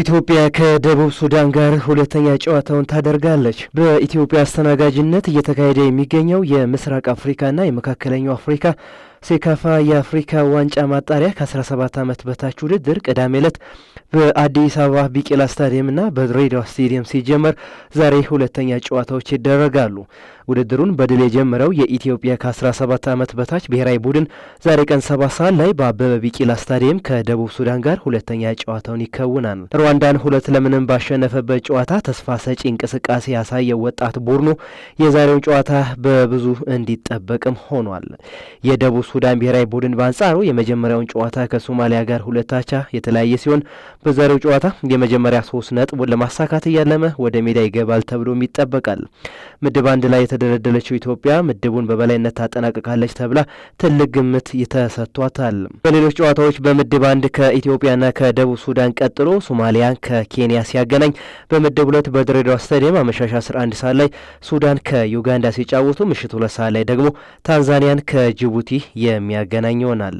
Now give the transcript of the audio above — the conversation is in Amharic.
ኢትዮጵያ ከደቡብ ሱዳን ጋር ሁለተኛ ጨዋታውን ታደርጋለች። በኢትዮጵያ አስተናጋጅነት እየተካሄደ የሚገኘው የምስራቅ አፍሪካና የመካከለኛው አፍሪካ ሴካፋ የአፍሪካ ዋንጫ ማጣሪያ ከ17 ዓመት በታች ውድድር ቅዳሜ ዕለት በአዲስ አበባ ቢቂላ ስታዲየምና በድሬዳዋ ስታዲየም ሲጀመር ዛሬ ሁለተኛ ጨዋታዎች ይደረጋሉ። ውድድሩን በድል የጀመረው የኢትዮጵያ ከ17 ዓመት በታች ብሔራዊ ቡድን ዛሬ ቀን ሰባት ሰዓት ላይ በአበበ ቢቂላ ስታዲየም ከደቡብ ሱዳን ጋር ሁለተኛ ጨዋታውን ይከውናል። ሩዋንዳን ሁለት ለምንም ባሸነፈበት ጨዋታ ተስፋ ሰጪ እንቅስቃሴ ያሳየው ወጣት ቡድኑ የዛሬውን ጨዋታ በብዙ እንዲጠበቅም ሆኗል። የደቡብ ሱዳን ብሔራዊ ቡድን በአንጻሩ የመጀመሪያውን ጨዋታ ከሶማሊያ ጋር ሁለታቻ የተለያየ ሲሆን በዛሬው ጨዋታ የመጀመሪያ ሶስት ነጥቡን ለማሳካት እያለመ ወደ ሜዳ ይገባል ተብሎም ይጠበቃል። ምድብ አንድ ላይ የተደለደለችው ኢትዮጵያ ምድቡን በበላይነት ታጠናቅቃለች ተብላ ትልቅ ግምት ተሰጥቷታል። በሌሎች ጨዋታዎች በምድብ አንድ ከኢትዮጵያና ከደቡብ ሱዳን ቀጥሎ ሶማሊያን ከኬንያ ሲያገናኝ በምድብ ሁለት በድሬዳዋ ስታዲየም አመሻሽ 11 ሰዓት ላይ ሱዳን ከዩጋንዳ ሲጫወቱ ምሽት ሁለት ሰዓት ላይ ደግሞ ታንዛኒያን ከጅቡቲ የሚያገናኝ ይሆናል።